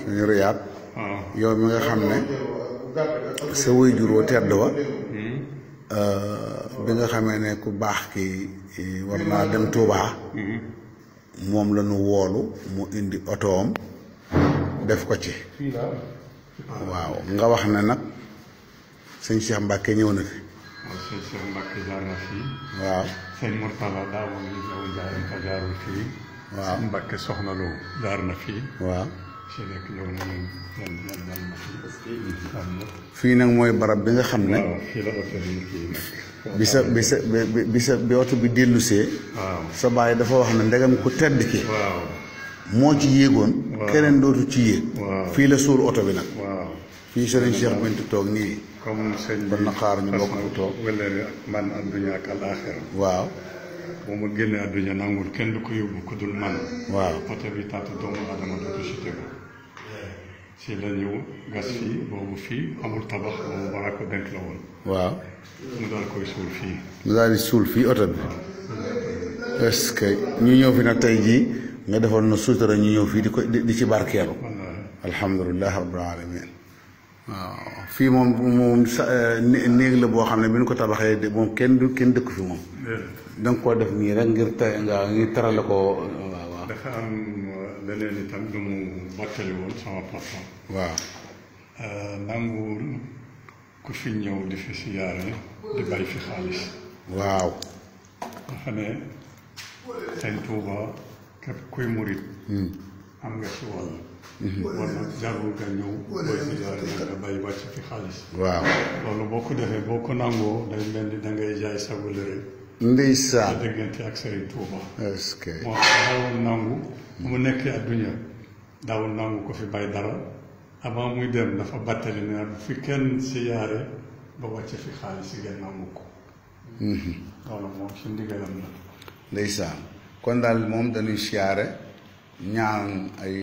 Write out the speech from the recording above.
suñu riyaat ah. yow mi nga xam ne sa waajur wa tedd wa hmm. euh, bi nga xamee ne ku baax ki eh, war naa dem Tuubaa hmm. moom la ñu woolu mu indi otoom def ko ci waaw nga wax ne nag sëñ Cheikh Mbacke ñëw na fi waaw sëñ Cheikh Mbacke jaar moom ñu ñëw jaareen fa jaarul fii waaw na fii waaw fii nag mooy barab bi nga xam ne. bi sa bi sa bi sa bi oto bi dellusee. sa baay dafa wax ne ndegam ku tedd ki. moo ci yéegoon. keneen dootu ci yéeg. fii la suul oto bi nag. fii sëriñ Cheikh Bintu toog nii. comme sëñ bi kon na toog. man waaw. bu ma génnee àdduna nangul kenn du ko yóbbu ku dul man. waaw oto bi taatu doomu aadama du ko si tegu. si la ñëw gas fii boobu fii amul tabax boobu baraako denk la woon. waaw. ñu daal koy suul fii. ñu daal di suul fii oto bi. est-ce que ñu ñëw fi nag tey jii nga defoon na suutara ñu ñëw fii di ko di ci barkeelu. alhamdulilah rabbil alamin waaw fii moom moom sa euh, néeg la boo xam ne bi ñu ko tabaxee moom kenn du kenn dëkk fi moom. da koo def nii rek ngir te nga ngir tarale ko waaw waaw. dafa euh, euh, ku fi ñëw di fi siyaare di bàyyi fi xaalis. waaw. dafa ne sëñ Tuuba képp kuy murit. Hmm. am nga ci woon. Mhm. jarul nga ñëw. booy si jaare nag nga bay wàcc fi xaalis. waaw loolu boo ko defee boo ko nangoo dañ leen di da ngay jaay sa wëllëre. ndeysaan sa diggante ak Serigne Touba. est-ce que daawul nangu. mu nekkee àdduna daawul nangu ko fi bay dara avant muy dem dafa battali ne bu fi kenn si yaare ba wàcc fi xaalis yi nangu ko. Mhm. loolu moom ci ndigalam la. ndeysaan kon daal moom dañuy siyaare. 娘哎。